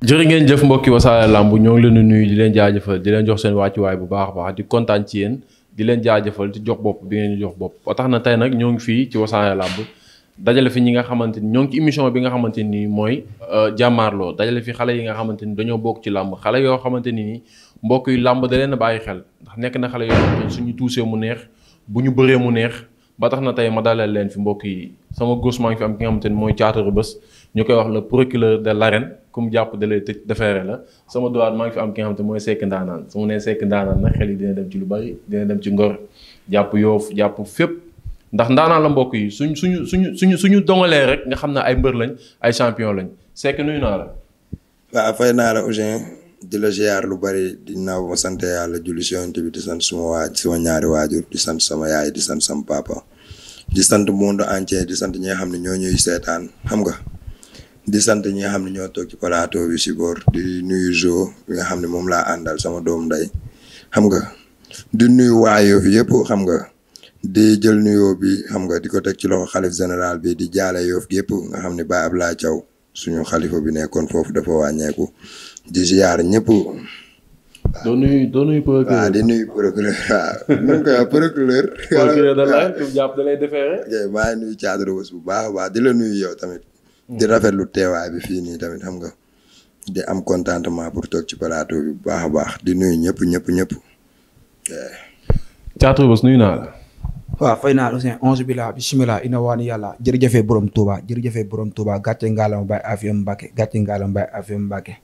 jërë ngeen jëf mbokki wasaare làmb ñoo ngi leen di nuyu di leen jaajëfal di leen jox seen wàccuwaay bu baax a baax di kontaan ci yéen di leen jaajëfal di jox bopp bi ngeen jox bopp ba tax na tey nag ñoo ngi fii ci wasaare làmb dajale fi ñi nga xamante ni ñoo ngi ci émission bi nga xamante nii mooy euh, jàmaarloo dajale fi xale yi nga xamante ni dañoo bokk ci làmb xale yoo xamante ni nii mbokk yi làmb da leen bàyyi xel ndax nekk na xale yoo xamante ni suñu mu neex bu ñu bëree mu neex ba na tey ma dalal leen fi mbokk yi sama gos maa ngi fi nga xamante ni mooy caataru bés ñu koy wax le procureur de l'arène comme mu jàpp dalay tëj defeere la sama dowaat maa ngi fi am ki mooy Seck Ndaanaan su nee Seck Ndaanaan nag xel yi dina ci lu bari dina dem ci ngor jàpp yoof jàpp fépp ndax ndaanaan la mbokk yi suñ suñu suñu suñu suñu dongalee rek nga xam ne ay mbër lañ ay lañ Seck nuyu naa la waaw fay naa la Ouzin di lu bari di naaw sant yàlla julli si di sant suma waaj ñaari waajur di sant sama yaay di sant sama di sant monde entier di sant ñi nga xam ne ñoo ñuy seetaan xam nga di sant ñi nga xam ne ñoo toog ci plateau bi si boor di nuyu Jo bi nga xam ne moom laa àndal sama doom nday xam nga di nuyu waa Yoff yëpp xam nga di jël nuyo bi xam nga di ko teg ci loxo xalif général bi di jaale yoof gi yëpp nga xam ne Baye laa Thiaw suñu xalifa bi nekkoon foofu dafa wàññeeku di ziar ñëpp. di nuyu procureur waaw man koy wax procureur. a baax di la nuyu yow tamit. di rafetlu teewaay bi fii nii tamit xam nga di am contentement pour toog ci plateau bi baax a baax di nuyu ñëpp ñëpp ñëpp. Thiatou Reubeuss nuyu naa la. waaw fay naa la aussi onze bi la bisimilah ina waani yàlla jërëjëfee borom Touba jërëjëfee borom Touba gàcce ngaalama Baye Afia Mbacke gàcce ngaalama Baye Afia Mbacke.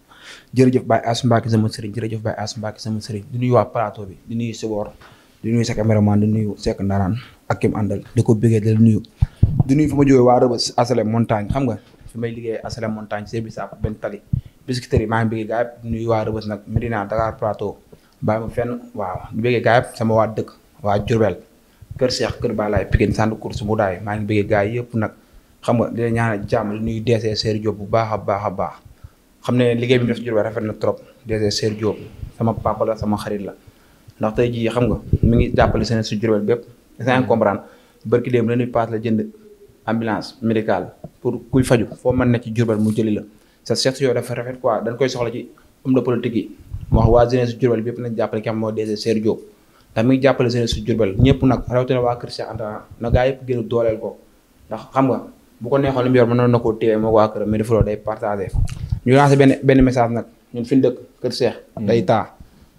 jërëjëf Baye As Mbacke sama sëriñ jërëjëf Baye As Mbacke sama sëriñ di nuyu waa plateau bi di nuyu Sibor di nuyu sa caméraman di nuyu Seck Ndaraan ak kim àndal di ko bëggee di nuyu. di nuyu fa ma jógee waa Reubeuss asale xam nga fi may liggéey Asala Montagne Sèye Bissap benn tali biscuiterie maa ngi bëggee gaa yëpp nuyu waa Rëbës nag Medina Dakar Plateau bàyyi ma fenn waaw ñu bëggee gaay yëpp sama waa dëkk waa Diourbel kër Cheikh kër Balaye Pikine Sande Course bu daay maa ngi bëggee gaay yëpp nag xam nga dina ñaanal jàmm di nuyu DG Seydou Diop bu baax a baax a baax xam ne liggéey bi mu def si Diourbel rafet na trop DG Seydou Diop sama papa la sama xarit la ndax te jii xam nga mu ngi jàppale seen si Diourbel bépp da comprendre bërki démb la ñuy paas la jënd ambulance médicale pour kuy faju foo mën ne ci Diourbel mu jëli la sa seet yooyu dafa rafet quoi dañ koy soxla ci homme de politique yi mu wax waa jeunesse jàppale ki xam moo DG Seydou Diop ndax mi ngi jàppale jeunesse su na gaa yëpp gën a dooleel ko xam nga bu ko neexoon li mu yor mënoon na koo téye moo ko waa kër mais benn benn message nag ñun dëkk kër Cheikh day hmm.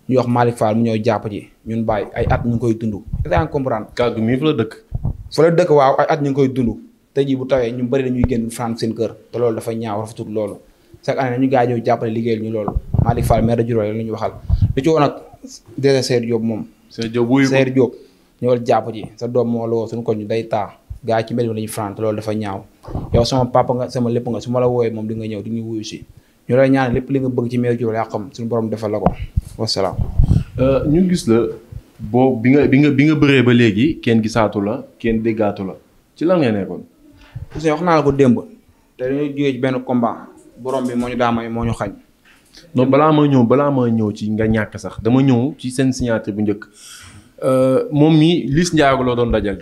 ñu wax Malick Fall mu ñëw jàpp ci ñun bàyyi ay at ñu ngi koy dund da nga comprendre kàggu mi fu la dëkk fu la dëkk waaw ay at ñu ngi koy dund tey jii bu tawee ñu bari dañuy génn France seen kër te loolu dafa ñaaw rafetul loolu chaque année nañu gaañoo jàppale liggéeyal ñu loolu Malick Fall maire de Diourbel la ñu waxal lu ci woon ak déjà Seydou Diop moom Seydou Diop ñëwal jàpp ci sa doom moo la suñu ko ñu day taa gaa yi ci mbedd mi dañuy France loolu dafa ñaaw yow sama papa nga sama lépp nga su ma la wooyee moom di nga ñëw di ñu wuyu si ñu lay ñaan lépp li nga bëgg ci maire Diourbel yaa xam suñu borom defal la ko wasalaam euh, ñu gis la boo bi nga bi nga bi nga bëree ba léegi kenn gisaatu la kenn déggaatu la ci lan nga nekkoon Ouzin wax naa la ko démb te dañuy jógee ci benn combat borom bi moo ñu daa may moo ñu xañ. non balaa ma ñëw balaa ma ñëw ci nga ñàkk sax dama ñëw ci seen signature bu njëkk euh, moom mii liis Ndiago la doon dajal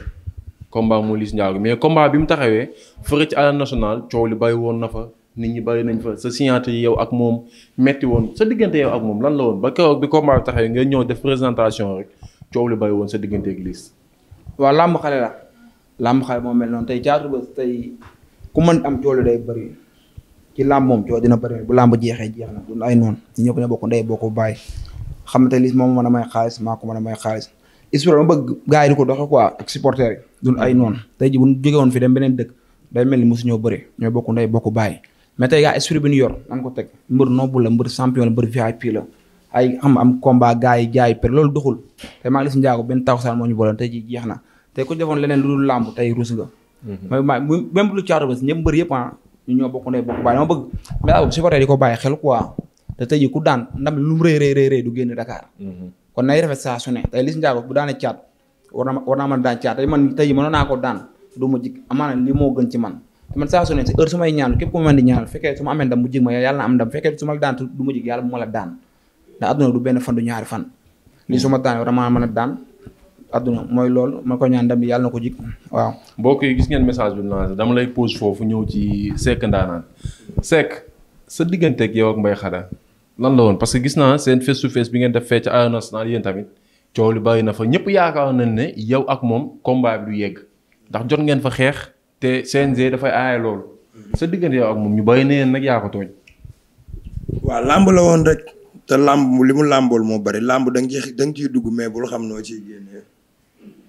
combat moo Liss Ndiago mais combat bi mu taxawee fële ci arène national coow li bay woon na fa nit ñi bari nañ fa sa signature yi yow ak moom metti woon sa diggante yow ak moom lan la woon ba keroog bi combat bi taxawee nga ñëw def présentation rek coow li bàyyi woon sa diggante ak làmb xaal moo mel noonu tey caatu ba tey ku man am coow day bëri ci làmb moom coow dina bëri bu làmb jeexee jeex na ay noonu ñu ñëpp ne bokk ndey bokk bàyyi xam nga tey moom mën a may xaalis maa ko mën a may xaalis esprit ma bëgg ko doxee quoi ak supporter yi ay noonu tey ji bu ñu jóge beneen dëkk day mel ni mosu bëri ñooy bokk ndey bokk bàyyi mais tey gaa bi ñu yor nan ko teg mbër noble la mbër champion la mbër VIP la ay xam am combat gars yi jaay per loolu doxul te maa ngi lis njaago benn taw saan moo ñu boole tey ji jeex na tey ku defoon leneen lu dul làmb tey rus nga. Mhm. mooy ma même lu caatu ba si ñëpp mbër yëpp ah ñu ñoo bokk ndey bokk bàyyi dama bëgg mais ko te tey jii daan ndam lu mu rëy du génn Dakar. Mhm. kon nay rafet saa su ne tey bu daanee caat na war naa mën a daan caat tey man tey jii mënoon naa ko du ma jig amaana li moo gën ci man saa su ne si heure su may ñaan képp ku ma mën di ñaanal fekkee ma amee ndam mu jig ma yàlla na am ndam fekkee ma daan du ma jig daan ndax adduna du benn fan du ñaari fan li su ma daan war naa mën a daan àdduna mooy loolu ma ko ñaan ndam bi yàlla na ko jig waaw. mbokk yi gis ngeen message bi lancé dama lay pose foofu ñëw ci Seck Ndaanaan Seck sa digganteeg yow ak Mbaye Khada lan la woon parce que gis naa seen face bi ngeen def fee ci Arène Nationale yéen tamit na fa ñëpp yaakaar nañ ne yow ak moom combat bi du yegg ndax jot ngeen fa xeex te CNG dafay aaye loolu sa diggante yow ak moom ñu bàyyi na yéen nag yaa ko tooñ. waaw làmb la woon rek te làmb li mu làmbool moo bari làmb da nga ciy da nga ciy dugg mais bul xam noo ciy génnee.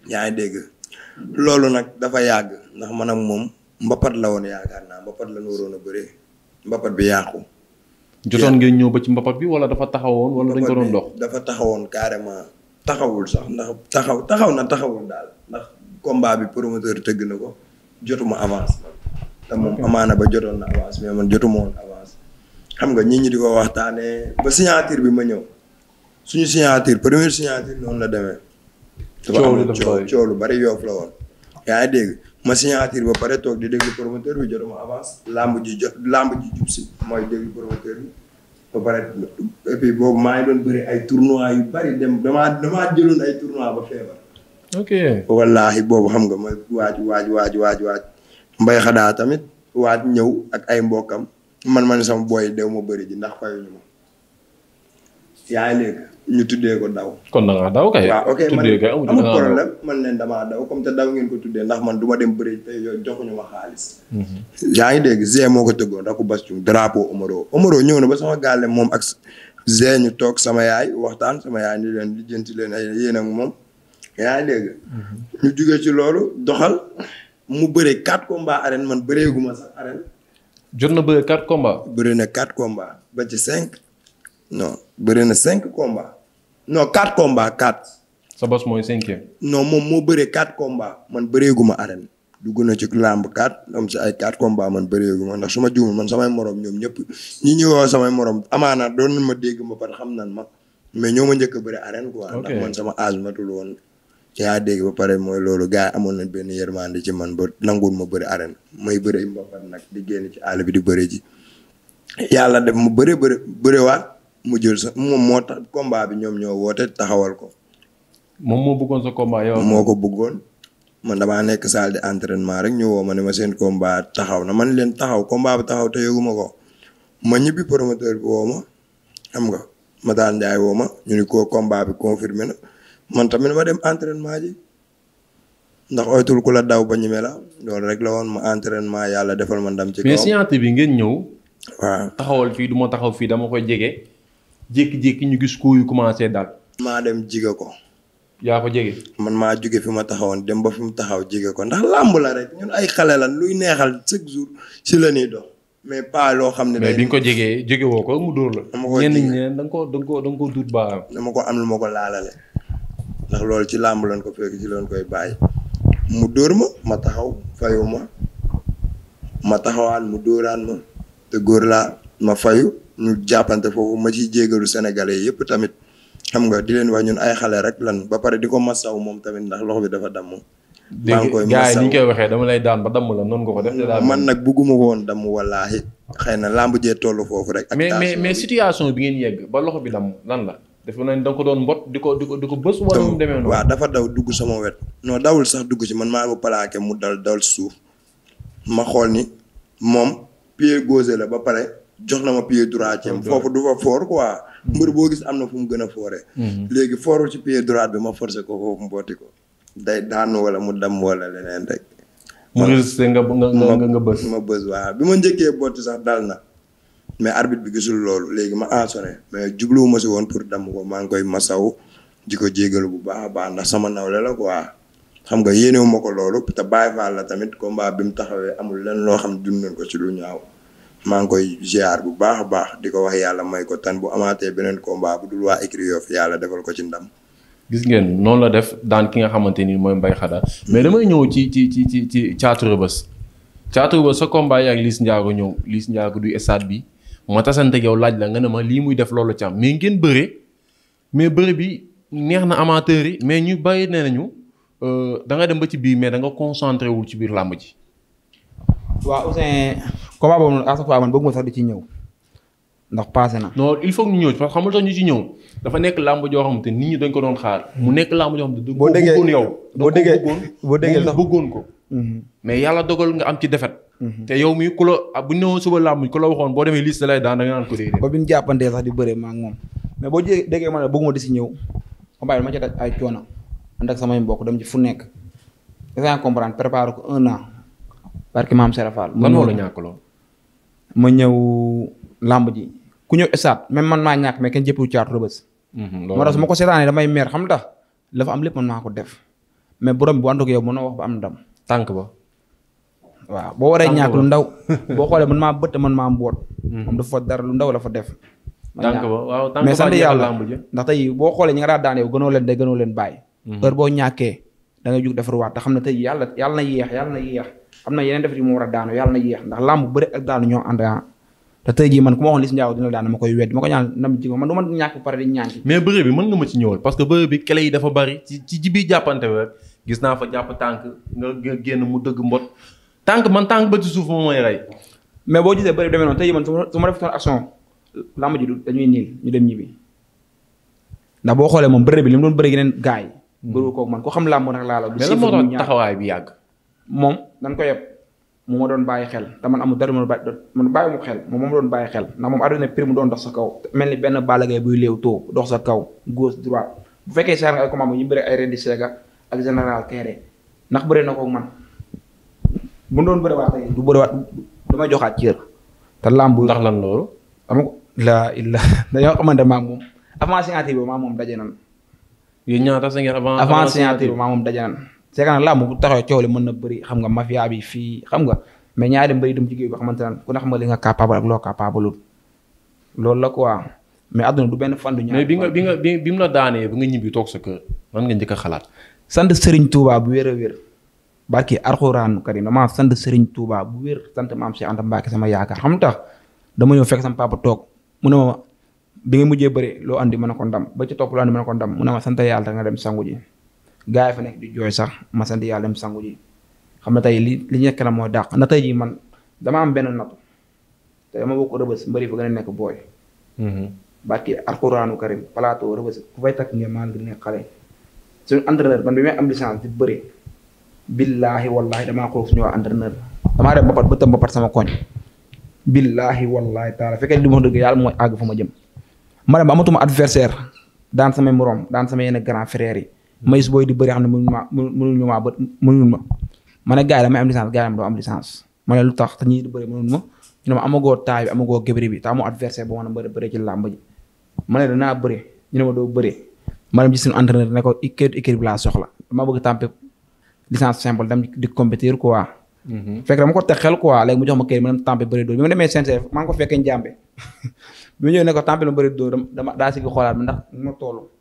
yaa ngi dégg loolu nag dafa yàgg ndax man ak moom mbapat la woon yaakaar naa mbapat la ñu waroon a bëree mbapat bi yàqu. jotoon ngeen ñëw ba ci mbapat bi wala dafa taxawoon wala dañ ko doon dox. dafa taxawoon carrément taxawul sax ndax taxaw taxaw na taxawul daal ndax combat bi promoteur tëgg na ko jotuma avance. te moom amaana ba jotoon na avance mais man jotuma woon avance. xam nga ñi ñi di ko waxtaanee ba signature bi ma ñëw suñu signature première signature noonu la demee. coow lu bari yoof la woon. yaa ngi dégg ma signature ba pare toog di dégg promoteur bi jotuma avance lamb ji jot lamb ji jub si mooy déglu promoteur bi ba pare boobu maa ngi doon bëri ay tournois yu bëri dem damaa damaa ay tournois ba feebar. ok boobu xam nga mooy waaj waaj waaj waaj waaj mbay xadaa tamit waaj ñëw ak ay mbokkam man man sama booy dew ma bëri ji ndax fayuñu ma yaa ngi léegi ñu tuddee ko daw. kon da ngaa daw kay. waaw ok man neen damaa daw comme te daw ngeen ko tuddee ndax man du ma dem bëri te yow joxuñu ma xaalis. Mhm. yaa ngi dégg Zé moo ko tëggoon rakku bas cung drapeau Omaro ñëw na ba sama gàlle moom ak Zé ñu toog sama yaay waxtaan sama yaay ni leen lijjanti leen ay yéen ak moom yaa ngi dégg. Mhm. ñu jugee ci loolu doxal mu bëree quatre combats arène man bëreeguma sax arène. jot na bëree quatre combats. bëri na quatre combats ba ci cinq. non bëri na cinq combats. non quatre combats quatre. sa bos mooy cinquième. non moom moo bëree quatre combats man bëreeguma arène. dugg na ci làmb quatre am si ay quatre combats man bëreeguma ndax su ma juumul man samay moroom ñoom ñëpp ñi ñëwoo samay morom amaana doon ma dégg ma par xam nan ma mais ñoo ma njëkk a bëri arène quoi. ndax man sama âge matul woon. yaa dégg ba pare mooy loolu gars yi amoon nañ benn yërmande ci man ba nanguwul ma bëri arène may bëri mbapat nag di génn ci àll bi di bëri ji yàlla def mu bëri bëri mu jël sa moom moo tax combat bi ñoom ñoo woote taxawal ko. moom moo buggoon sa combat yow. moo ko bëggoon man damaa nekk salle de entraînement rek ñu woo ma ne ma seen combat taxaw na man leen taxaw combat bi taxaw te ko ma ñibbi promoteur bi woo ma xam nga ma daal Ndiaye woo ma ñu ni ko combat bi confirmé na man tamit ma dem entrainement ji ndax oytul ku la daw ba ñeme la loolu rek la woon ma entraînement yàlla defal ma ndam. ci kaw mais science bi ngeen ñëw. waaw taxawal fii du ma taxaw fii dama koy jege. jékki-jékki ñu gis koo yu commencé daal. maa dem jige ko. yaa ko jege. man maa jóge fi ma taxawoon dem ba fi mu taxaw jige ko ndax làmb la rek ñun ay xale lan luy neexal chaque jour ci la ñuy dox. mais paa loo xam ne. mais bi nga ko jegee jege woo ko mu dóor la. dama ko ñenn ñi da nga koo da nga koo da nga koo ko am lu ma ko laalale. ndax loolu ci làmb lan ko fekk ci lañ koy bàyyi. mu dóor ma ma taxaw fayu ma ma taxawaan mu dóoraan ma te góor laa ma fayu. ñu jàppante foofu ma ciy jégalu sénégalais yëpp tamit xam nga di leen wax ñun ay xale rek lan ba pare di ko masaw moom tamit ndax loxo bi dafa damm. maa ngi koy ñu koy waxee dama lay daan ba damm la noonu nga ko def. man nag bugguma ko woon damm xëy na lamb jee toll foofu rek. ak mais situation bi ngeen yegg ba loxo bi damm lan la. dafa nañ da nga ko doon mbot di ko di ko di ko bës. wala mu demee dafa daw dugg sama wet. noo dawul sax dugg ci man maa ko plaqué mu dal dal suuf ma xool ni moom pied gauche la ba pare jox na ma pied droit ceeb foofu du fa foor waa hmm. mbër boo gis am na fu mu gën a fooree. Hmm. léegi foorul ci pied droit bi ma forcé ko foofu mbooti ko. day daanu wala mu dam wala leneen rek. mu nga nga ma bës waaw bi ma njëkkee botti sax dal na. mais arbitre bi gisul loolu léegi ma ansonné mais jubluwu ma si woon pour damm ko maa ngi koy masaw di ko jégalu bu baax a baax ndax sama nawle la quoi xam nga yéenewu ma ko loolu te bàyyi faal la tamit combat bi mu taxawee amul lenn loo xam ne dund ko ci lu ñaaw. maa ngi koy ziar bu baax a baax di ko wax yàlla may ko tan bu amaatee beneen combat bu dul waa écurie Yoff yàlla defal ko ci ndam. gis ngeen noonu la def daan ki nga xamante ni mooy mbay Khada mais damay ñëw ci ci ci ci ci Thiatou Rebeuss Thiatou Rebeuss sa combat ak Liss Ndiago ñëw Liss Ndiago du stade bi ma tasante yow laaj la nga ne ma lii muy def loolu ci am mais ngeen bëre mais bëre bi neex na amateur yi mais ñu bàyyi nee nañu euh, da nga dem ba ci biir mais da nga concentré wul ci biir làmb ji. waaw Ousseyn combat boobu noonu à chaque ci ñëw ndax passé na. non il faut ñu ñëw parce que ma nga ñu ci ñëw dafa nekk làmb joo xamante nit ñi dañ ko doon xaar. mu nekk làmb joo xamante du ko bëggoon yow. boo déggee boo déggee sax bëggoon ko. Mhm. mais yàlla dogal nga am ci defet. Mhm. te yow mi ku la ah, bu ñu nee woon suba làmb ku la waxoon boo demee liste lay da nga naan ko déedéet. ba bi ñu moom mais boo déggee ma ne bëgguma di si ñëw combat bi ma ci daj ay coono ak samay mbokk dem ci fu nekk. da nga comprendre préparer ko un an. parce que maam Serafal. lan moo la ñàkk lool ma ñëw làmb ji ku ñëw stade même man maa ñàkk mais kenn jëppiwu caatu rëbës. Mhm, loolu moo tax su ma ko seetaanee damay meer xam ndax la fa am lépp mën naa ko def mais borom bu ànd ak yow mën na wax am ndam. tànk ba. waaw boo waree ñàkk lu ndaw boo xoolee man maa bëtt man maa mboot. Mhm. moom dafa fa dara lu ndaw la fa def. tànk ba waaw tànk ba mais sant yàlla ndax tey boo xoolee ñi nga daan daan yow gënoo leen day gënoo leen bàyyi. Mhm. heure boo ñàkkee da ngay jug defarwaat te xam ne tey yàlla yàlla na yéex yàlla na yéex am na yeneen def yi mu war a daanu yàlla na yéex ndax làmb bëri ak daanu ñoo ànd ah. te tey jii man ku ma waxoon Liss Ndiago dina daan ma koy wedd ma ko ñaan ndam man du ma ñàkk pare di mais bëre bi mën ma ci ñëwal bari ci ci jibi jàppante rek gis naa fa jàpp tànk nga boo gisee bëri làmb ndax boo moom bëre bi li mu doon bëre yeneen gaay hmm. bëru ko man ko taxawaay bi yàgg moom dañ ko yeb mu ma doon bàyyi xel te man amul dara ma man bàyyi mu xel moom ma bàyyi xel ndax moom àdduna prix mu doon dox sa kaw mel ni benn ballagay buy léew too dox sa kaw gauche droite bu fekkee sar nga ay ñu bëri ay rendi seega ak général Kéré ndax bëri na ko man doon bëriwaat du bëriwaat du ma joxaat cër te làmb ndax lan loolu xam dañoo xamante maag moom avant moom daje nan yéen ñaata sa ngeen avant signature bi maa moom daje nan c'est que nag làmb bu taxaw coow li mën na bëri xam nga mafia bi fii xam nga mais ñaari mbëri dem ci géew bi ne ku ne li nga capable ak loolu la quoi mais àdduna du benn fan du ñaar mais bi bi mu la daanee ba nga ñibbi toog sa kër lan xalaat. sant sëriñ Touba bu wér a wér barki Alxuraanu Karim damaa sant sëriñ Touba bu wér sant maam Cheikh Anta Mbacke sama yaakaar xam tax dama ñëw fekk sama papa toog mun ne ma bi nga mujjee bëri loo andi mën a ko ndam ba ci topp loo andi mën a ko ndam mu ne ma sant yàlla nga dem sangu ji gaa yi fa nekk di jooy sax ma sant yàlla dem xam na tey li li nekk na moo dàq na tey ji man dama am benn nattu te dama bokk rëbës mbëri fa nekk booy. Mhm. barki alxuraanu karim plateau rëbës ku fay takk ngeen maa ngi nekk xale. su entraîneur man bi may am licence di bëri. billaahi wallaahi damaa xool suñu waa entraîneur damaa def mbapat ba tëm mbapat sama koñ. billaahi wallaahi taala fekkee li moo dëgg yàlla mooy àgg fa ma jëm. ma dem ba amatuma daan samay morom daan sama yenn grand yi. ma booy di bëri xam ne mënuñu maa mënuñu ma ma ne gars yi damay am licence gars yi am doo am licence ma ne lu tax te ñii di bëri mënuñu ma ñu ne ma amagoo taay bi amagoo gébri bi te amoo adversaire boo mën a bëri bëri ma ne danaa bëri ñu ne ma doo bëri ma dem ci suñu entraîneur ne ko ikkeetu ikkir bi laa soxla dama bëgg tàmpe licence simple dem di compétir quoi mhm. fekk dama ko teg xel quoi léegi mu jox ma kër ma dem tàmpe bëri dóor bi ma demee CNCF maa ngi ko fekkee njàmbe bi ma ñëwee ne ko tàmpe ma bëri dama daa sigi xoolaat bi ndax ma toll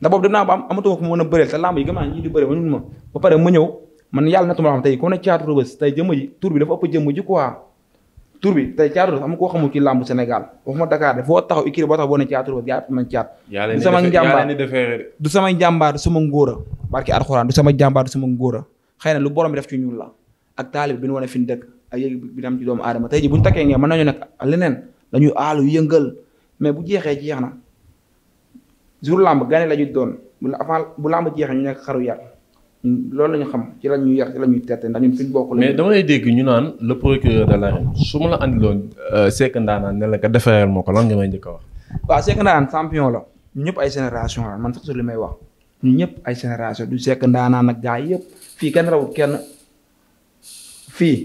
ndax boobu dem naa ba am amatuma ko mën a bëreel te lamb yi gëm naa ñii di bëreel mënul ma ba pare ma ñëw man yàlla nattu ma xam tey ku ne caatu rëbës tey jëmm ji tur bi dafa ëpp jëmm ji quoi tur bi tey caatu koo xamul ci de foo taxaw ikiri boo taxaw boo ne caatu rëbës yaa man caat du sama njàmbaar du sama njàmbaar du sama ngóora barki alxuraan du sama njàmbaar du xëy na lu borom bi def ci ñun la ak taalib bi ñu wane fi ñu dëkk ak yëg bi ci doomu aadama tey ji bu ñu takkee ngeen mën nañu nekk leneen dañuy aalu yëngal mais bu jeexee jeex na jour làmb gane la ñu doon bu avant bu làmb jeexee ñu nekk xaru yar loolu la ñu xam ci la ñu yar ci la ñuy tette ndax ñun fi ñu bokk la mais dégg ñu naan le procureur de su ma la andiloon euh, Seck Ndaanaan ne la nga moo ko lan nga may jëkk a wax. waa Seck Ndaanaan champion la ñu ñëpp ay génération la man sax su li may wax ñu ñëpp ay génération du Seck Ndaanaan ak gaa yëpp fii kenn rawut kenn fii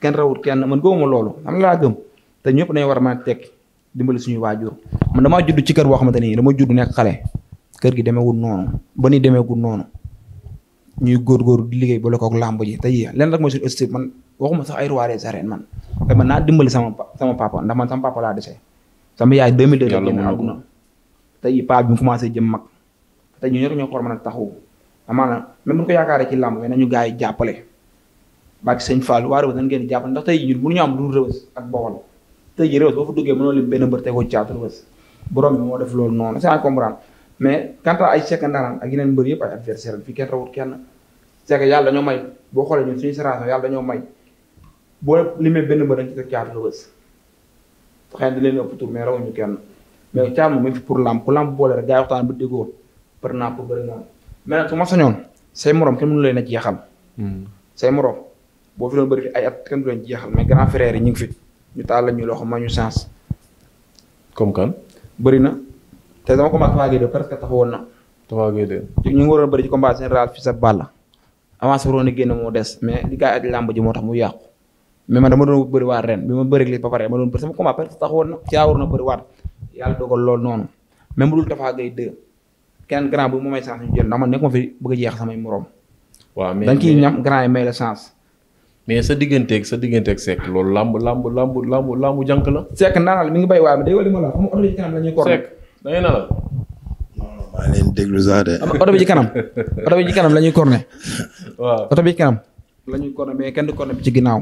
kenn rawut kenn man gëmuma loolu am laa gëm te ñëpp war a tekki dimbali suñuy waajur man damaa judd ci kër boo xamante ni dama judd nekk xale kër gi demeewul noonu ba demee demeewul noonu ñuy góorgóorlu di liggéey boole koog làmb ji te yii lenn rek mooy suñu wax man sax ay roi des arènes man naa dimbali sama sama papa ndax man sama papa laa dese sama yaay 2002 la génn àdduna te yii paa bi mu commencé jëm mag te ñu ñoo ko war a mën a taxawu amaana même bu ñu ko yaakaaree ci làmb bi yi jàppale. bàcc sëñ Fall waa Rebeus dañu leen di jàppale ndax tey ñun mënuñu am lu Rebeus ak tey jii réew boo fa duggee mënoo benn mbër tegoo caatu rëbës moo def loolu noonu c'est à comprendre mais quant à ay Seck Ndaraan yëpp ay adversaire fi kenn rawut may boo xoolee ñun suñu dañoo may boo limee benn mbër dañ ci teg caatu rëbës xëy na leen ëpp tur mais rawuñu kenn mais caat moom fi pour lamb ku lamb boole waxtaan ba déggoo par naa pour bëri noonu nag su ma sañoon say morom kenn mënu leen a jeexal hmm. say morom boo fi doon bëri fi ay at kenn du leen jeexal mais grand frère yi ñu ngi ñu taal la ñu loxo ma ñu chance. comme kan. bëri na te sama combat Tapha Gueye de presque taxawoon na. Tapha Gueye de. ñu ngi war waroon bëri ci combat général fii sa Balla. avancé waroon a génn moo des mais li gars yi at làmb moo tax mu yàqu. mais man dama doon bëri waat ren bi ma bëri li ba pare ma doon bëri sama combat presque taxawoon na ci a bëri waat yàlla dogal lool noonu même bu dul Tapha Gueye de keneen grand bu mu may chance ñu jël ndax man nekk ma fi bëgg jeex samay morom. mais sa digganteeg sa digganteeg Seck loolu làmb làmb làmb làmb làmb jànk la. Seck naan la mi ngi bay waaye dégg nga li ma la déglu sax de. oto bi ci kanam oto bi la ñuy corné. waaw oto bi ci la ñuy corné mais kenn du corné ci ginnaaw.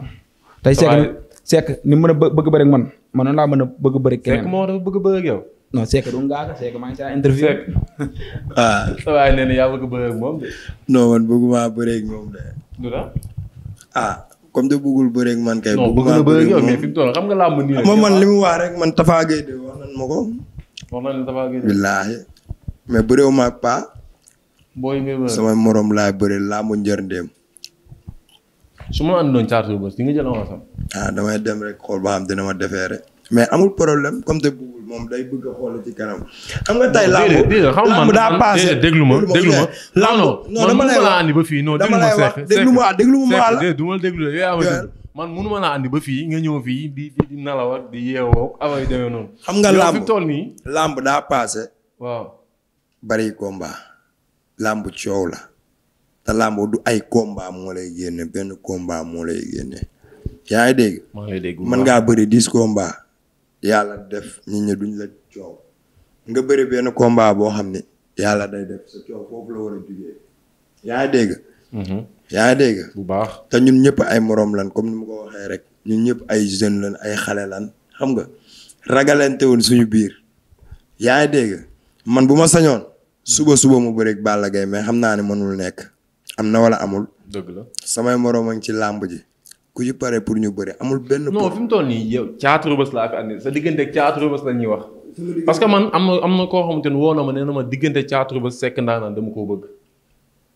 tey Seck Seck ni mën a bëgg bëri ak man man noonu laa mën bëgg bëri keneen. Seck bëgg bëri yow. non Seck du ngaa ko Seck maa ngi saa ah. moom de. ah. comme de bëggul bëre ak man kay. bëgg naa bëre ak mais fi toll xam nga làmb nii rek. man li mu wax rek man Tafa Gueye wax nan ma ko. wax nañ la Tafa Gueye de. mais bëreewu ma ak sama moroom laa bëre làmbu njërndeem. su ma àndoon caatu bës di nga jël avance am. ah damay dem rek xool ba xam dina ma defee rek. mais amul problème comme te buggul moom day bëgg a xool ci kanam. xam nga tey làmb làmb daa paase déglu ma déglu ma. làmb non dama lay wax ba fii non dama lay wax déglu ma déglu ma ma la. duma déglu man mënu ma laa andi ba fii nga ñëw fii di di di nalaw ak di yeewoo ak away demee noonu. xam nga làmb tool nii. làmb daa paase. waaw. bari combat. làmb coow la. te làmb du ay combat moo lay génne benn combat moo lay génne. yaa ngi dégg. maa ngi dégg mën ngaa bëri dix combat. yàlla def nit ñi duñ la coow nga bëri benn combat boo xam ni yàlla day def sa coow foofu la war a jugee yaa dégg. Mhm. yaa bu baax te ñun ñëpp ay morom lan comme ni ma ko waxee rek ñun ñëpp ay jeunes lan ay xale lan xam nga ragalante woon suñu biir yaa dégg man bu ma sañoon suba suba mu bëreeg Balla Gaye mais xam naa ne mënul nekk am na wala amul. dëgg la samay morom a ngi ci làmb ji. ku ci pare pour ñu bëri amul benn. non fi mu toll nii yow caatu rëbës laa fi andi sa diggante caatu rëbës la ñuy wax. parce que man am na am koo xamante ni woo na ma nee na ma diggante caatu rëbës sekk ndaanaan dama koo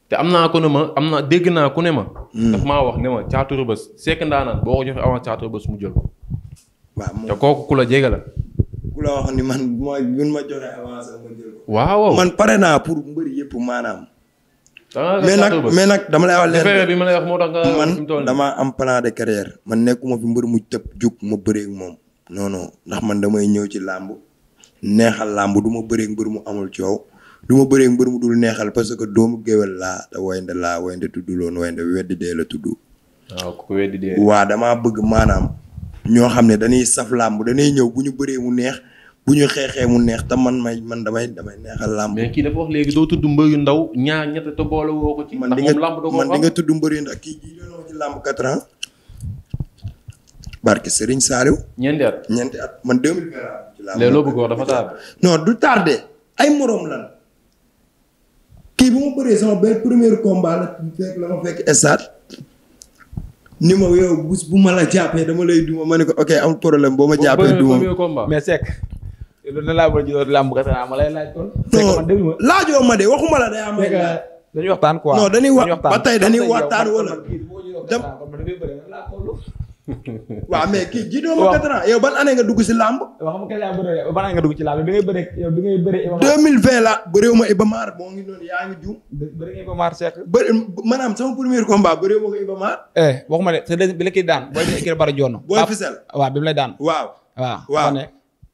te am naa ko ne ma am na dégg naa ku ne ma. Hmm. daf maa wax ne ma caatu rëbës sekk ndaanaan boo ko joxee avant caatu rëbës mu jël waaw moom te kooku ku la jege la. ku la wax ni man mooy ma joxee avance ma jël ko. waaw man pare naa pour mbëri yëpp maanaam. Ah, mais nag mais nag dama lay wax leen bi man damaa am plan de carrière man nekkuma fi mbër mu tëb jug ma bëreek moom non ndax man damay ñëw ci làmb neexal làmb du ma bëree ak mbër mu amul coow du ma bëree mbër mu dul neexal parce que doomu géwél laa te waynde laa waynde tudd loon waynde weddi dee la tudd ah, waaw waa dama bëgg maanaam ñoo xam ne dañuy saf làmb dañuy ñëw bu ñu bëree mu neex bu ñu xeexee mu neex tam man may man damay damay neexal làmb. mais kii dafa wax léegi doo tudd mbër yu ndaw ñaar ñett te boole woo ko ci. man di nga tudd mbër yu ndaw kii ji doon ci làmb 4 ans. barke Serigne Saliou. ñeenti man 2000. ci làmb léegi loo bëgg du tardé ay moroom lan. kii bu ma bëree sama benn premier combat la fekk la ma fekk stade. ni ma yow bu ma la jàppee dama lay duma man ne ko ok amul problème boo ma jàppee duma mais Seck lu ne laa bëgg ci loolu làmb ma lay laaj tool. non laajoo ma de waxuma la day am. dañuy waxtaan quoi non dañuy wax ba tey dañuy waxtaan wala. waaw mais kii jiitoo ma quatre ans yow ban nga dugg si làmb. waaw xam nga ban nga dugg ci làmb bi ngay bëre yow bi ngay bëre. 2020 la bëreew ma Iba Mar moo ngi noonu yaa ngi juum. bëre nga Iba Mar Seck. bëri maanaam sama premier combat bëreew ma ko Iba Mar. Eh, waxuma ne sa la kii daan booy bi kii bara joon. booy Fisel waaw bi mu lay daan. waaw waaw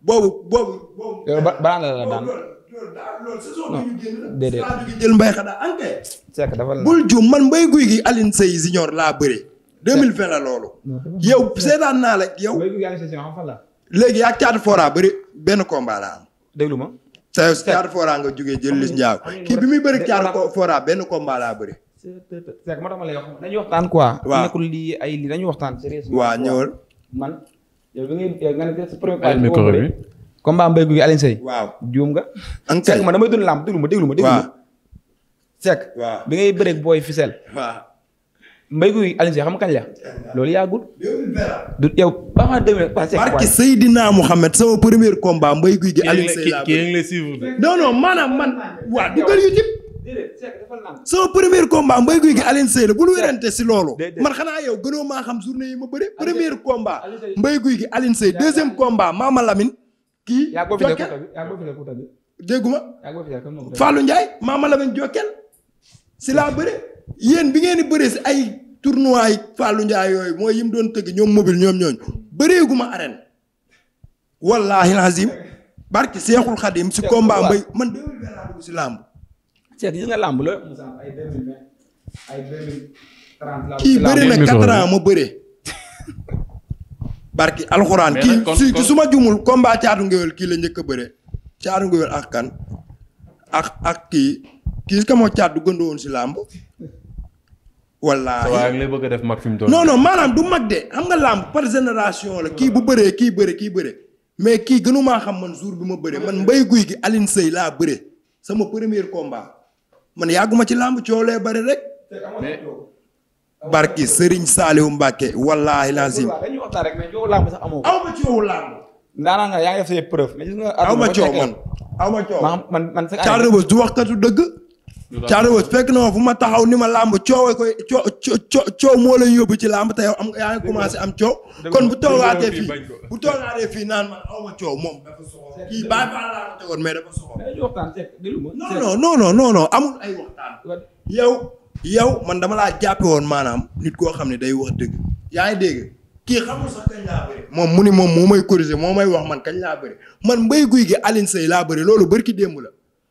boobu boobu. balaa nga la jël mbay xanaa ankay. Seck dafa la bul juum man mbay guy gi Alioune Seye junior laa bëri. 2020 la loolu. yow seetaan naa la yow. léegi yaa caatu fora bëri benn combat la am. déglu ma. sa caatu fora nga jógee jël lis njaaw kii bi muy bëri caatu fora benn combat laa bëri. Seck ma lay wax dañuy waxtaan quoi. waaw nekkul lii ay lii dañuy waxtaan. waaw ñëwal man. yow bi ngay nga ne sa premier pas mbay guy Alioune waaw juum nga Seck ma damay dund làmb déglu ma déglu ma déglu ma Seck bi ngay bëreek booy fisel waaw mbay guy Alioune xam nga kañ la loolu yàggul du yow avant deux mille waa Seck barki Seydina Mouhamed sama premier combat mbay guy gi Alioune Seye laa non non maanaam man waa dugal YouTube soo premier combat Mbaye Gouye Gui Alioune la bu ñu wérante si loolu. man xanaa yow gënoo maa xam journée yi ma bëri. premier combat Mbaye Gouye Gui Alioune Seye deuxième combat Mama Lamine. kii Jokkel dégguma Fallou Ndiaye Mama Lamine Jokkel si laa bëri yéen bi ngeen di bëri si ay tournois yi Fallou yooyu mooy yim doon tëgg ñoom mobile ñoom ñooñu bëreeguma arène wallaahi lazim barki Seexul Xadim si combat Mbaye man déwén si làmb Cheikh gis nga làmb la. kii bëri na quatre ans bëre. barki alxuraan kii su su ma jumul combat caatu ngéwél kii la njëkk a bëre. caatu ngéwél ak kan ak ak kii kii ka moo caat du gënd woon si làmb. wallaahi waaye non non maanaam du mag de xam nga làmb par génération la kii bu bëree kii bëre kii bëre mais kii gënumaa xam man jour bi ma bëre man mbay guy gi Alioune Seye laa bëre sama premier combat. man yàgguma ci làmb coolee bari rek. barki Serigne Saliou Mbacke wallaahi lazim. aw ma coow man aw ma coow man dëgg. caatu bës fekk na fu ma taxaw ni ma làmb coow koy coo coo coow moo lay yóbbu ci làmb te am yaa ngi commencé am coow. kon bu toogaatee fii bu toogaatee fii naan man aw ma coow moom. kii baax baax laa ko tegoon mais dafa soxor. non non non ay yow yow man dama laa jàppe woon maanaam nit koo xam ne day wax dëgg. yaa ngi dégg kii xamul sax kañ laa bëri. moom mu ni moom moo may corriger moo may wax man kañ laa bëri man mbay guy gi Alioune Seye laa bëri loolu bërki démb la.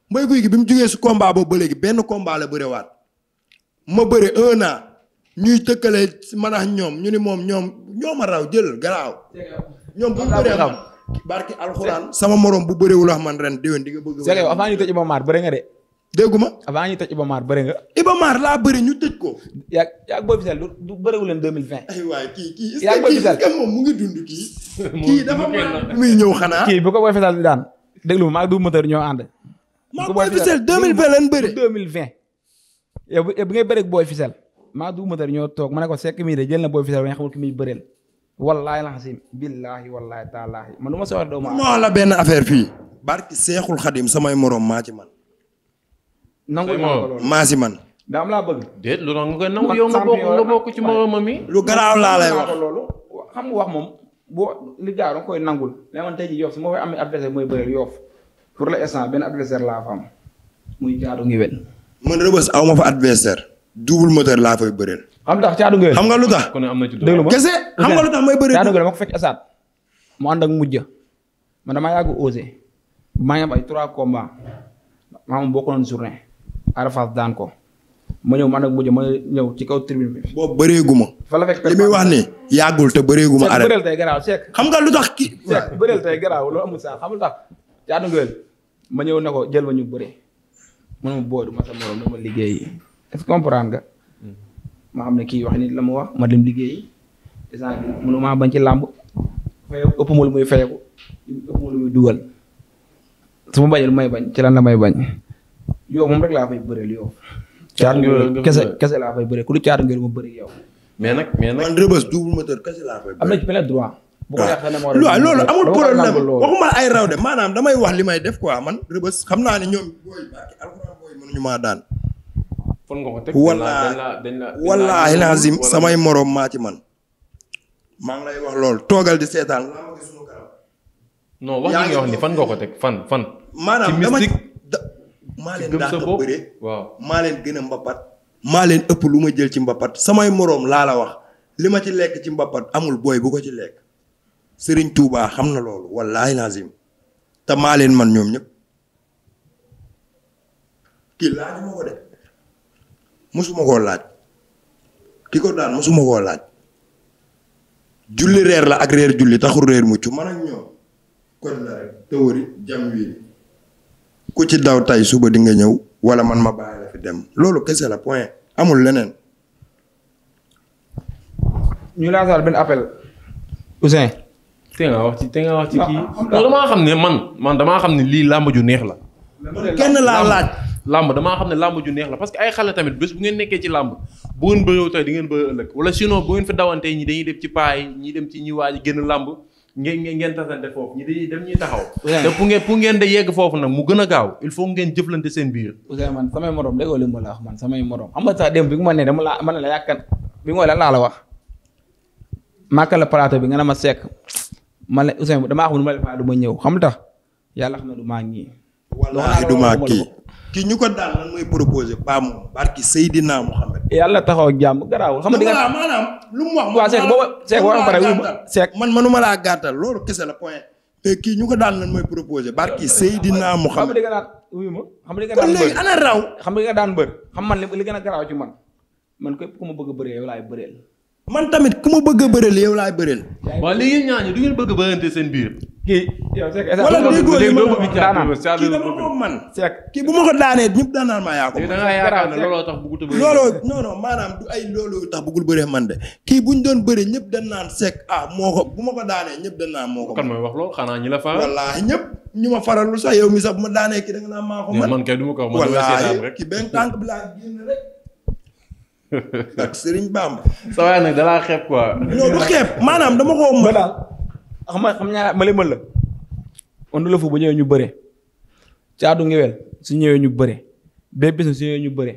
Mboy Guy gi bi mu jugee si combat boobu ba léegi benn combat la waat ma bëri un an ñuy tëkkale man ak ñoom ñu ni moom ñoom ñoom a raw jël garaaw. ñoom bu mu bëree xam barki alxuraan sama morom bu bëree wul wax man ren déwén di nga bëgg. Sele avant ñu tëj Iba Mar bëri nga de. déggu ma avant ñu tëj Iba Mar nga. Iba laa bëri ñu tëj ko. yaa yaa Boy Fissel du du leen 2020. aywa kii kii yaa Boy Fissel kii mu ngi dund ñëw xanaa. kii bu ko Boy Fissel di daan déglu ma du moteur ñoo ànd maa booy Ficelle 2020 lan bëri 2020. yow bi ngay bëri ak booy Ficelle maa du ma ñoo toog ma ne ko sekk mii de jël na booy Ficelle ba nga xamul ki muy bëreel. wallaahi ma sawar doomu moo la benn affaire fii. barki seexul xadim samay morom maa ci man. nangu maa si man. daa am laa bëgg. déet lu nga koy nangu nga lu garaaw laa lay wax loolu. xam li gaaw koy nangul. mais man tey jii yoof su ma koy amee adversaire mooy bëri yoof pour l'instant benn adversaire laa fa am muy Thiatou Nguéweul. man Rebeuss aw ma fa adversaire. double moteur laa fay bëreel. xam nga Thiatou mu ànd ak man damaa yàgg osé maa ngi ay trois combats maa moom bokkoon journée. ñëw ci kaw tribune bi. boobu ma. fa la fekk li ma. arrêté bëreel xam nga lu tax ki. Seck bëreel tey garaaw loolu amul xam nga lu tax Thiatou ma ñëw na ko jël ma ñu bëree mu ne ma booy ma sa morom dama liggéeyi est ma xam ne kii wax nit la ma wax ma dem liggéeyi te saa bi bañ ci làmb fayeeku ëpp ma lu muy fayeeku ëpp ma lu dugal su ma bañee lu may bañ ci lan la may bañ yow moom rek laa fay bëreel yow. caar ngir laa fay bëree ku lu ma bëri yow. mais nag mais nag bu ko ah. yàqee ne moo waaw ay raw de maanaam damay wax li may def ko man rëbës xam naa ne ñoom booy barki alxuraan booy maa daan. nga ko teg wallaahi lazim samay moroom maa ci man. maa ngi lay wax loolu toogal di seetaan. non wax nga wax fan nga ko teg fan maanaam dama da leen dàq gën a mbapat. maa leen ëpp lu ma jël ci mbapat samay moroom laa la wax li ma ci lekk ci mbapat amul booy bu ko ci lekk. sëriñ Touba xam na loolu wallaahi lazim te maa leen man ñoom ñëpp kii laaj ma ko de mosuma koo laaj ki ko daan mosuma koo laaj julli reer la ak reer julli taxul reer mucc man ak ñoom kon la rek te wëri jam wii ku ci daw tay suba dinga ñëw wala man ma bàyyi la fi dem loolu kese la point amul leneen ñu laasaal benn appel Ousseyn te nga wax ci te nga wax ci kii. non xam ne man man damaa xam ne lii làmb ju neex la. kenn laa laaj. damaa xam ne làmb ju neex la parce que ay xale tamit ngeen nekkee ci làmb bu wala sinon bu ngeen fi dawantee ñi dañuy dem ci paa yi ñi dem ci ñi waaj génn làmb ngeen ngeen tasante foofu ñuy taxaw. te pour ngeen pour ngeen de yegg foofu nag mu gën a gaaw il faut ngeen jëflante seen biir. Ousseyn man samay morom déggoo li ma la wax ma ne dama la man la laa la wax. màkka la plateau bi nga ne ma sekk man la Ousseynou xam ne ma la du ma ñëw xam tax yàlla xam na du maa ngi. wallaahi du maa kii ki ñu ko daan lan mooy proposé Paa moom barki Seydina Mouhamed. yàlla taxaw ak jàmm garaawul. xam nga di nga maanaam lu mu wax. waaw Seck booba Seck war pare wu Seck man laa gàttal loolu kese la point. kii ñu ko daan lan mooy proposé barki Seydina Mouhamed. xam nga di nga daan bëri ana raw. xam nga di nga daan bëri. xam man li gën a garaaw ci man man képp ku ma bëgg a bëree yow laay bëreel man tamit ku ma bëgg a bëreel yow laay bëreel. waaw léegi yéen ñaañu du ngeen bëgg a bërante seen biir. kii wala déggoo li ma la kii dama moom man. kii bu ma ko daanee ñëpp daan naan maa yaa ko. da nga yaakaar ne looloo tax bëggut a bëree. looloo non non maanaam du ay looloo tax bëggul bëree man de kii bu ñu doon bëree ñëpp dañ naan Seck ah moo ko bu ma ko daanee ñëpp dañ naan moo ko. kan mooy wax loolu xanaa ñi la fa. wallaahi ñëpp ñu ma faralul sax yow mi sax bu ma daanee kii da nga naan maa ko man. man kay du ma ko wax man. wallaahi kii benn tànk bi laa génn rek ak Serigne Bamba. sa waay nag dalaa xeeb quoi. non du xeeb maanaam dama ko mën daal. xam nga xam ñaa ma la. Onde le Fou bu ñëwee ñu bëre. Caatu Ngewel su ñëwee ñu bëre. Bébé Bismi su ñëwee ñu bëre.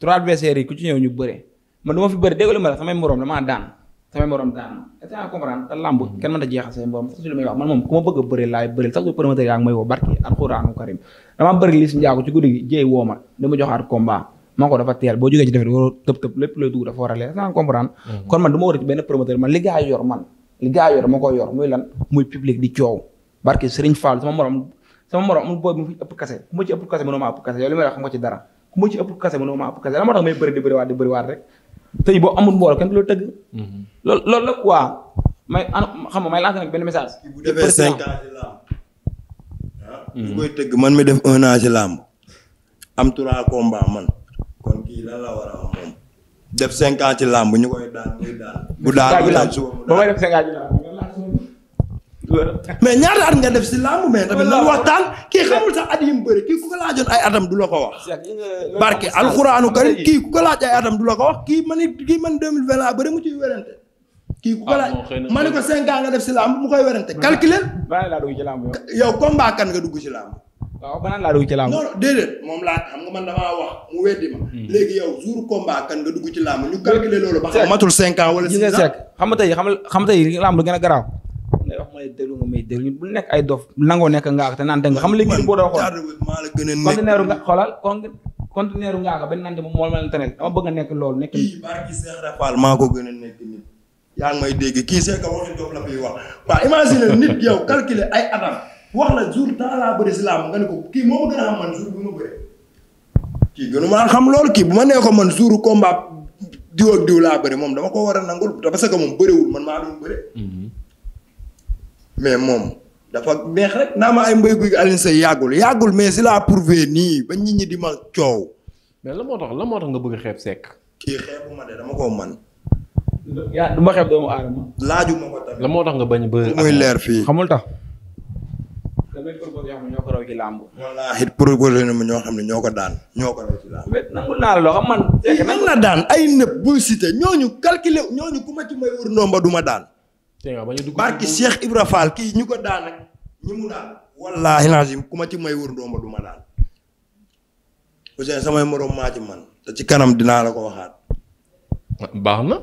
trois adversaires yi ku ci ñëw ñu bëre. man dama fi bëri déglu ma la samay morom damaa daan. samay morom daan est-ce que nga comprendre te làmb kenn mën a jeexal samay morom sax lu may wax man moom ku ma bëgg a bëri laay bëri sax su promoteur yaa ngi may woo barki alxuraanu karim damaa bëri li si njaago ci guddi gi jéey woo ma dama joxaat combat maa ko dafa teel boo jógee ci defet waroo tëb tëb lépp looy dugg dafa war a leer sans comprendre mhm. kon man du ma war a ci benn promoteur man li gaa yor man li gaa yor ma ko yor muy lan muy public di coow barke Serigne Fall sama morom sama morom amul boobu mu fi ëpp kase ku ma ci ëpp kase mënoo ma ëpp kase yow li may wax xam nga ci dara ku ma ci ëpp kase mënoo ma ëpp kase la moo tax may bëri di bëriwaat di bëriwaat rek tey boo amul mbooloo kenn du la tëgg mhm. loolu loolu la quoi may xam nga may lancer nag benn message bu defee cinq ans ci làmb ñu mhm. koy tëgg man mi def un an ci làmb am trois combats man ci a wax moom. def cinq ans ci làmb ñu koy daan bu daan bu daan suba mu mais ñaata at nga def si làmb mais tamit lan waxtaan kii xamul sax at yi mu bëri kii ku ko laajoon ay atam du la ko wax. barke alxuraanu karim kii ku ko laaj du la ko wax kii man it kii man 2020 laa bëri mu ci werante. kii ku ko laaj ah, ma ne ko cinq ans nga def si làmb mu koy werante calculer. yow combat kan nga dugg si làmb. waaw ban laa dugg ci làmb. non déedéet moom laa xam nga man damaa wax mu weddi ma. Hmm. léegi yow jour combat kan nga dugg ci làmb ñu calculer loolu ba xam matul cinq ans wala six ans. xam nga tey xam nga tey làmb gën a garaaw. ngay wax ma ne déglu nga may déglu bu nekk ay dof nangoo nekk nga ak te naan dégg nga xam nga léegi boo doo xool maa la gën a nekk conteneur nga xoolal conteneur nga ak ba naan moom moo la tane dama bëgg a nekk loolu nekk kii baa ngi Seex Rafal maa ko gën a nekk nit yaa ngi may dégg kii Seex ka waxi dof la fiy wax waa imagine nit yow calculer ay atam wax na jour dans la bëri si làmb nga ne ko kii moo ma gën a xam man jour bi ma bëri kii gënu maa xam loolu kii bu ma nee ko man jour combat diw ak diw laa bëri moom dama ko war a nangul parce que moom bëriwul man maa mhm. moom dafa neex naa ma ay yàggul yàggul mais si laa prouvé nii ba ñi di ma mais la moo tax la moo tax nga bëgg xeeb sekk. kii xeebu de dama ko man yaa du ma xeeb doomu aadama. laaju ma ko tamit la moo tax nga bañ ba. muy leer fii xamul tax. damay proposé yoo xam ne ñoo ko xam ne ñoo ko daan ñoo ko raw ci làmb. naa loo xam man. ay nëb buy cité ñooñu calculé ñooñu ku ci may wër ndomba du ma daan. barki Cheikh Ibra Fall kii ñu ko daan ak ñi mu daan. wallaahi lazim ku ma ci may wur ndomba du ma daan. Ousseyn samay moroom maa ci man te ci kanam dinaa la ko waxaat. baax na.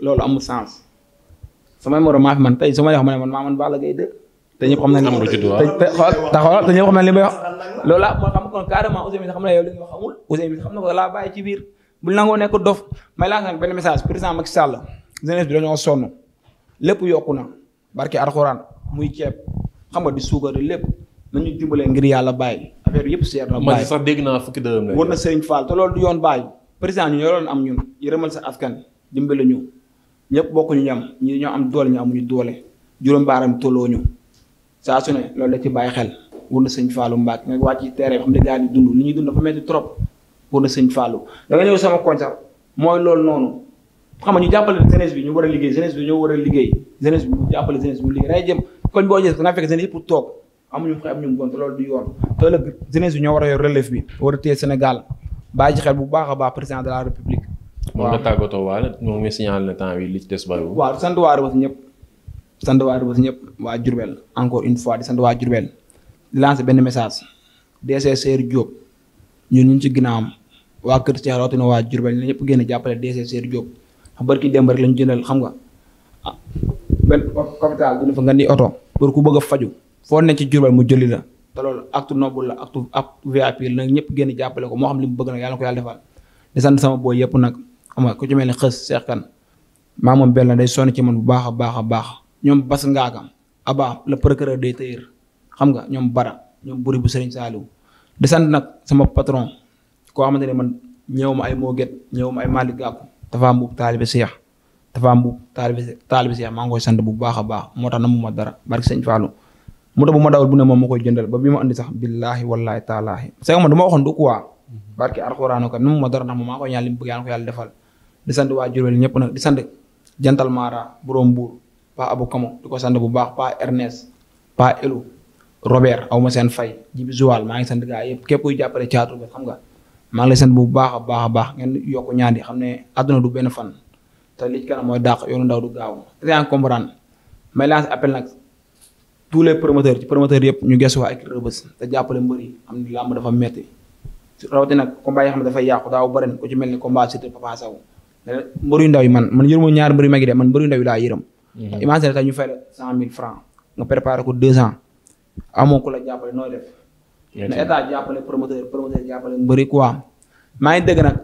loolu amul sens samay morom maa fi man tey su ma wax ma ne man maa man Balla Gaye 2 te ñëpp xam nañ li ma te te ñëpp xam nañ li may wax loolu laa ma xam kon carrément Ousseynou mi xam na yow li nga wax amul Ousseynou mi xam na ko laa bàyyi ci biir bu nangoo nekk dof may laa nag benn message président Macky Sall jeunesse bi dañoo sonn lépp yokku na barke Alxuraan muy ceeb xam nga di suukar di lépp nañu dimbalee ngir yàlla bàyyi affaire yëpp seer na bàyyi sax dégg naa fukki dërëm war na Serigne Fall te loolu du yoon bàyyi président ñu ñoo doon am ñun yërëmal sa askan dimbale ñu ñëpp bokkuñu ñu am ñi ñoo am doole ñu amuñu doole juróom baaram tolloo ñu saa su ne loolu la ci bàyyi xel wër na sëñ Fallou Mbacke nga wàcc ci terrain xam ne gaa yi dund ñuy dund dafa metti trop wër na sëñ Fallou da nga ñëw sama koñ sax mooy loolu noonu xam nga jàppale jeunesse bi ñu war a bi a liggéey jeunesse bi ñu jàppale jeunesse bi mu liggéey day jëm koñ boo jeex dangaa fekk jeunesse toog amuñu xëy amuñu gont loolu du te ëllëg bi ñoo war a yor bi war a téye Sénégal bàyyi ci xel bu baax a baax président de la république waaw moom nga tàggatoo waale moom nga signalé na temps bi li ci des sant waa Rebeuss ñëpp sant waa Rebeuss ñëpp waa Diourbel encore une fois di sant waa Diourbel di lancer benn message DG Seydou Diop ñun ñu ngi ci ginnaawam waa Kër Cheikh rawatina waa Diourbel ñun ñëpp génn jàppale DG Seydou Diop xam barki démb rek lañu jëndal xam nga ah benn capital dina ni oto. pour ku bëgg faju foo ne ci Diourbel mu jëli la te loolu acte noble la acte acte VIP la nag génn jàppale ko moo xam li mu bëgg nag yàlla ko yàlla defal di sant sama booy yëpp nag. xam nga ku ci mel ne xës seex kan maa moom benn day sonn ci man bu baax a a baax ñoom bas ngaakam aba le procureur des terres ñoom bara bu sëriñ Saliou di sant nag sama patron koo xamante ne man ñëw ma ay Moget ñëw ma ay Malick Gakou dafa am bu taalibe seex koy sant bu baax a baax moo tax na mu ma dara barki sëñ Fallou moto bu ma dawal bu ne moom ma koy jëndal ba bi ma andi sax billaahi wallaahi taalaahi parce que man du ma waxoon du quoi barki na mu ma dara ndax ma maa koy ñaan li mu bëgg yàlla ko defal di sant waa Jurbel ñëpp nag di sant jantal Mara borom buur paa Abu Kamo di ko sant bu baax paa Ernest paa Elu Robert aw ma seen fay jibi Zuwal maa ngi sant gaa yëpp képp kuy jàppale caatu ba xam nga maa ngi lay sant bu baax a baax a baax ngeen yokk ñaandi xam ne àdduna du benn fan te li ci kanam mooy dàq yoonu ndaw du gaaw te yaa ngi comprendre nag tous les promoteurs ci promoteurs ñu gëstu waa te jàppale mbër am ni làmb dafa metti rawatina nag combat yi xam ne dafay yàqu daaw bëri ko ci mel ni combat Siteu Papa Sow Eh, mbër yu ndaw yi man man yërëmoo ñaar mbër yu mag yi de man mbër yu ndaw yi laa yërëm mhm. imagine tey ñu fay la cent mille francs nga préparé ko amoo ku la jàppale nooy def na état jàppale promoteur promoteur maa ngi dégg nag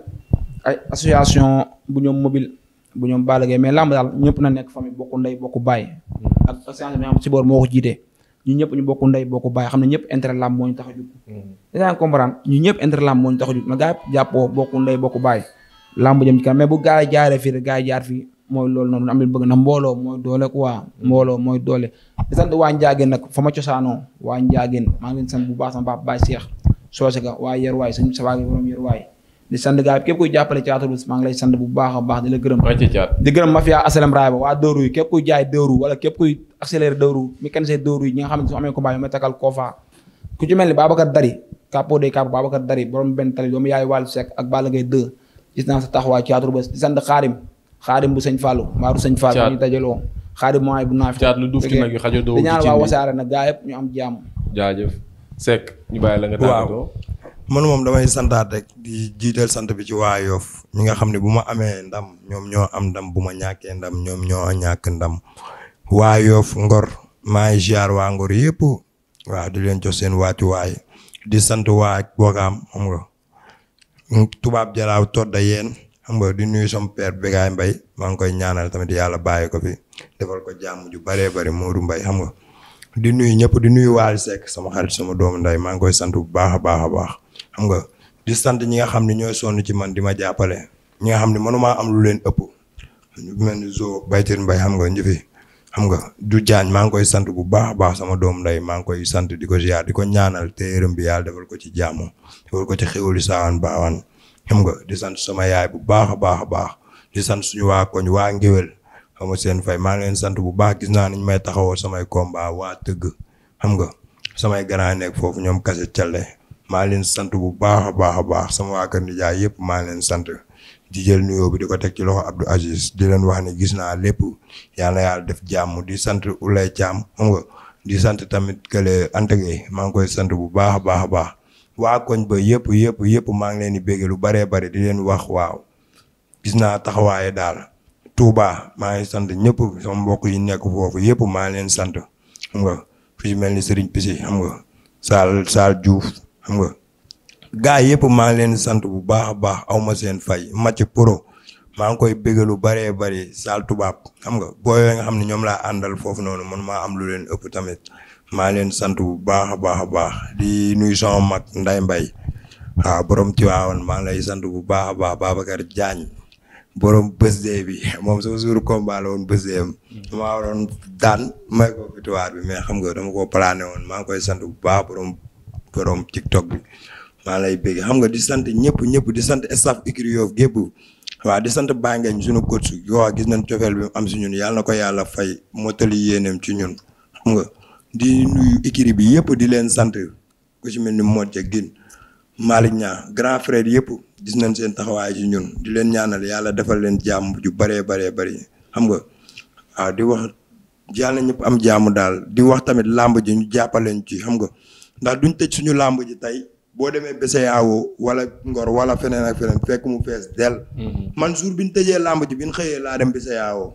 ay association bu ñoom mobile bu ñoom bàllgee mais lamb daal ñëpp na nekk famille bokku ndey bokku baay mhm. ak association bi nga xam boor moo ko jiitee ñu ñëpp ñu bokku ndey bokku baay xam ne ñëpp intre lamb moo tax a jug dañaa mhm. comprendre ñu ñëpp intérêt lamb moo tax a jug jàppoo bokku ndey bokku baay làmb jëm ci kanam mais bu gaa jaaree fii rek gaa yi jaar fii mooy loolu na mbooloo mooy doole quoi mbooloo mooy doole di sant waa Njaageen nag ma cosaanoo waa Njaageen maa ngi leen sant bu baax sama baax Baye Cheikh soose ga waa Yerwaay suñu sa waagi borom Yerwaay di maa ngi lay sant bu baax a la gërëm di gërëm mafia aslèm raay ba waa dóoru yi képp jaay dóoru wala képp kuy accéléré dóoru mécanicien dóoru yi ñi nga xam ne su amee combat yi ma takkal koofa ku ci mel ni Babacar Dari capo de capo Babacar Dari borom benn tali doomu yaay wàllu Seck ak Balla Gaye 2 gis naa sa taxawaay caatu rëbës di sant xaarim bu sëñ Fallou sëñ Fallou. dajaloo xaarim mooy bu naaf. caat lu duuf ci nag yi a doo ci ñaan waa wasaare nag ñu am jàmm. jaajëf Seck ñu bàyyi la nga. moom damay santaat rek di jiiteel sant bi ci waa Yoff ñi nga xam ne bu ma amee ndam ñoom ñoo am ndam bu ma ñàkkee ndam ñoom ñoo ñàkk ndam waa Yoff Ngor maa ngi waa Ngor yëpp waaw di leen jox seen waati waay di sant waa Bogaam xam nga tubaab jalaaw todda yeen xam nga di nuyu sama per begaay mbay maa ngi koy ñaanal tamit yàlla bàyyi ko fi defal ko jàmm ju baree bari Modou mbay xam nga di nuyu ñëpp di nuyu waal Seck sama xarit sama doom nday maa ngi koy sant bu baax a baax a baax xam nga di sant ñi nga xam ne ñoo sonn ci man di ma jàppale ñi nga xam ne mënumaa am lu leen ëpp ñu mel ni Zo Baytir mbay xam nga ñu fi xam nga du jaañ maa ngi koy sant bu baax a baax sama doom nday maa ngi koy sant di ko ziar di ko ñaanal téeram bi yàlla defal ko ci jàmm defal ko ci xéwlu saawaan baawaan xam nga di sant sama yaay bu baax a baax a baax di sant suñu waa koñ waa ngéwél xam nga seen fay maa ngi leen sant bu baax gis naa niñ may taxawoo samay combat waa tëgg xam nga samay grand nekk foofu ñoom kase cale maa leen sant bu baax a baax a baax sama waa kër nijaay yëpp maa leen sant di jël nuyoo bi di ko teg ci loxo Abdou Aziz di leen wax ne gis naa lépp yàlla na def jàmm di sant Ulay Thiam xam nga di sant tamit kële Anta Gueye maa ngi koy sant bu baax a baax a baax waa koñ ba yëpp yëpp yëpp maa ngi leen di bégg lu baree bari di leen wax waaw gis naa taxawaaye daal Touba maa ngi sant ñëpp sama mbokk yi nekk foofu yëpp maa ngi leen sant xam nga fi mel ni Serigne Pissy xam nga Sall Sall Diouf xam nga. gaa yëpp maa ngi leen sant bu baax baax aw ma seen fay match pro maa ngi koy bëgg lu bëree bëri saal tubaab xam nga booyoo nga xam ne ñoom laa àndal foofu noonu man maa am lu leen ëpp tamit maa leen sant bu baax a baax a baax di nuyu sama mag nday mbay a borom Tiwaawan maa lay sant bu baax a baax Babacar Diagne borom bësdee bi moom sama suur combat la woon bësdee am maa waroon daan may ko victoire bi mais xam nga dama ko plané woon maa ngi koy sant bu baax borom borom TikTok bi. maa lay bëgg xam nga di sant ñëpp ñëpp di sant staff écurie Yoff gépp waaw di sant Baye Ngagne suñu coach yoo gis nañ cofeel bi mu am si ñun yàlla na ko yàlla fay motali yéeneem ci ñun xam nga di nuyu écurie bi yëpp di leen sant ko ci mel ni Modou Gine Malick Niang grand frère yëpp gis nañ seen taxawaay ci ñun di leen ñaanal yàlla defal leen jàmm ju bëree baree bëri xam nga waaw di wax yàlla na am jàmm daal di wax tamit làmb ji ñu jàppaleen ci xam nga ndax duñ tëj boo demee BCEAO wala Ngor wala feneen ak feneen fekk mu fees dell. Mhm. man jour bi ñu tëjee làmb ji bi ñu xëyee laa dem BCEAO.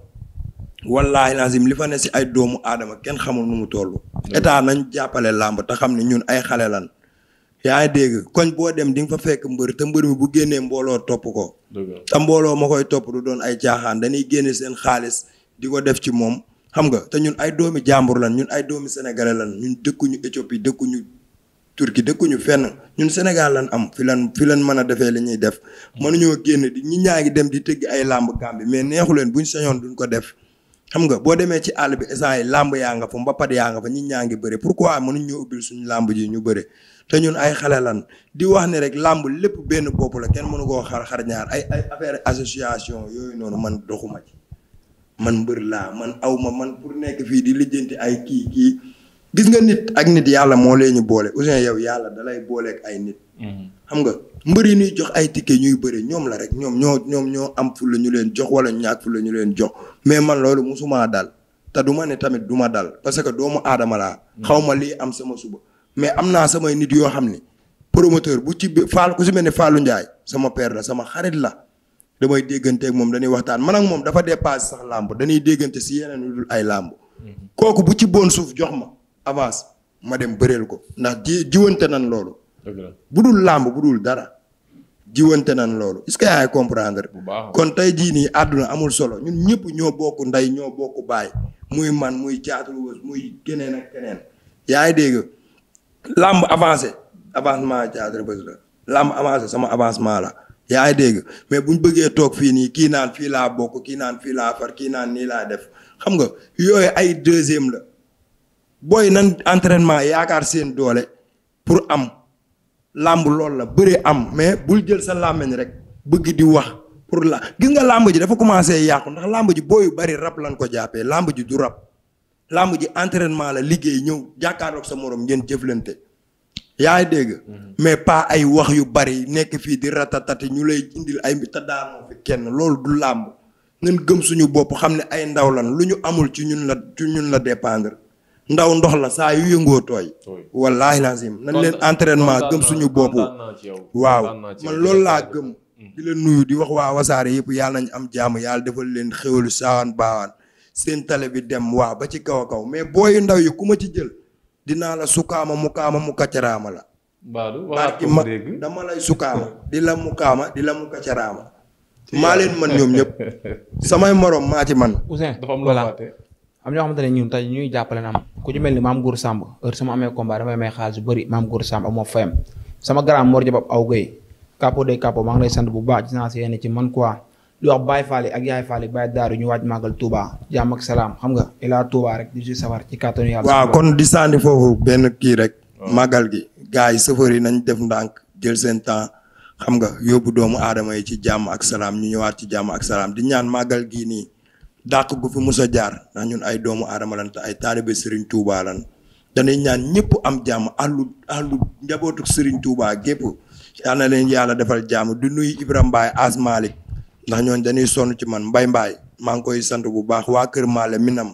wallaahi lazim li fa ne si ay doomu aadama kenn xamul nu mu toll. Mhm. état nañ jàppale làmb te xam ne ñun ay xale lan. yaa ngi dégg koñ boo dem di nga fa fekk mbër te mbër mi bu génnee mbooloo topp ko. te mbooloo ma koy topp du doon ay caaxaan dañuy génne seen xaalis di ko def ci moom. xam nga te ñun ay doomi jàmbur lan ñun ay doomi sénégalais lan ñun dëkkuñu Éthiopie dëkkuñu. turki dëkkuñu fenn ñun Sénégal lan am fi lan fi lan mën a defee li ñuy def mënuñoo génn di ñi ñaa ngi dem di tëgg ay làmb Gàmbi mais neexu leen buñ señoon duñ ko def xam nga boo demee ci àll bi instant làmb yaa nga fa mbapat yaa nga fa ñi ñaa ngi bëre pourquoi mënuñ ñu ubbil suñu làmb ji ñu bëre te ñun ay xale lan di wax ne rek làmb lépp benn bopp la kenn mënu koo xar xar ñaar ay ay affaire association yooyu noonu man doxuma ci man mbër laa man awma man pour nekk fii di lijjanti ay kii kii gis nga nit ak nit yàlla moo lee ñu boole Ouzin yow yàlla dalay booleek ay nit. Mm-hmm. xam nga mbër yi ñuy jox ay ticket ñuy bëri ñoom la rek ñoom ñoo ñoom ñoo am fu la ñu leen jox wala ñàkk fu la ñu leen jox mais man loolu musuma dal te du ma ne tamit du ma dal parce que doomu aadama laa. Mm-hmm. xaw ma lii am sama suba mais am naa samay nit yoo xam ni promoteur bu ci faal ku si mel ne Fallou Ndiaye sama père sama xarit la damay dégganteeg moom dañuy waxtaan man moom dafa dépassé sax làmb dañuy déggante si yeneen dul ay làmb mm-hmm. kooku bu ci suuf jox ma. avance ma dem bëreel ko ndax ji jiwante na loolu. bu dul làmb bu dul dara. jiwante nan loolu est-ce que yaay comprendre. kon tey jii nii àdduna amul solo ñun ñëpp ñoo bokk ndey ñoo bokk baay muy man muy Thiatou Louga muy keneen ak keneen. yaa ngi dégg làmb avancé avancement Thiatou Louga la lamb avancé sama avancement la. yaa ngi dégg mais buñ bëggee toog fii nii kii naan fii laa bokk kii naan fii laa far kii naan nii laa def xam nga yooyu ay deuxième la. booy nan entrainement yaakaar seen doole pour am làmb loolu la bëre am mais bul jël sa làmmeñ rek bëgg di wax pour la gis nga làmb ji dafa commencé yàqu ndax làmb ji booyu bari rab lan ko jàppee làmb ji du rab làmb ji entraînement la liggéey ñëw jàkkaarloog sa morom ngeen jëflante yaa ngi dégg. Mhm. mais pas ay wax yu bari nekk fii di ratatati ñu lay indil ay te fi kenn loolu du làmb nañ gëm suñu bopp xam ne ay ndaw lan lu ñu amul ci ñun la ci ñun la dépendre. ndaw ndox la saa yu yëngoo tooy. la lazim nañ leen entraînement gëm suñu bopp. waaw man lool laa gëm. Mm-hmm. di la nuyu di wax waa wasaare yëpp yàlla nañ am jàmm yàlla defal leen xéwalu saawaan baawaan seen tale bi dem waa ba ci kaw a kaw mais booy ndaw yi ku ma ci jël dinaa la sukaama mukaama mu kaccaraama la. ma dama lay sukaama di la mukaama di la mu kaccaraama maa leen man ñoom ñëpp samay moroom maa ci man. am ñoo xamante ne ñun tey ñuy jàppale na am ku ci mel ni maam Góor Samb heure sama amee combat dafay may xaalis yu bëri maam Góor Samb moo fayam sama grand Mor Jabab aw gay capo de capo maa ngi lay sant bu baax gis naa si ci man quoi lu wax Baye Fall ak Yaay Fall Baye Daaru ñu waaj màggal tuuba jàmm ak salaam xam nga ilaa Touba rek di si safar ci kàttanu kon di sandi foofu benn kii rek. màggal gi gars yi safar yi nañ def ndànk jël seen temps xam nga yóbbu doomu aadama yi ci jàmm ak salaam ñu ñëwaat ci jàmm ak salaam di ñaan màggal gii nii dàq gu fi mus a jaar ndax ñun ay doomu aadama lan ay taalibe Serigne Touba lan dañuy ñaan ñëpp am jàmm àllu àllu njabootu Serigne tuubaa gépp yal na leen yàlla defal jàmm du nuyu Ibrahima Mbaye As Malick ndax ñooñu dañuy sonn ci man mbay mbaay maa ngi koy sant bu baax waa Kër Maale Minam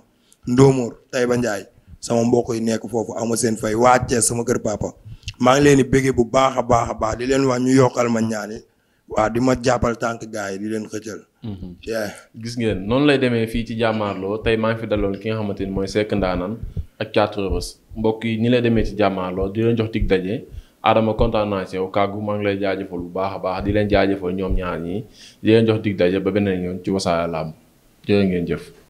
Ndoomoor ba Ndiaye sama mbokk yi nekk foofu ama seen fay waa Thiès sama kër papa maa ngi leen di bëggee bu baax a baax a baax di leen wax ñu yokkal ma ñaani waa di ma jàppal tànk gars yi di leen xëccal Mm-hmm. gis ngeen noonu lay demee fii ci jàmmaarloo tey maa ngi fi daloon ki nga xamante ni mooy sekk Ndaanaan ak Thiatou Rebeuss mbokk yi ni lay demee ci jàmmaarloo di leen jox dig daje Adama kontaan naa ci yow kàggu maa ngi lay jaajëfal bu baax a baax di leen jaajëfal ñoom ñaar ñi di leen jox dig daje ba beneen yoon ci Wassare Lamb jërë ngeen jëf.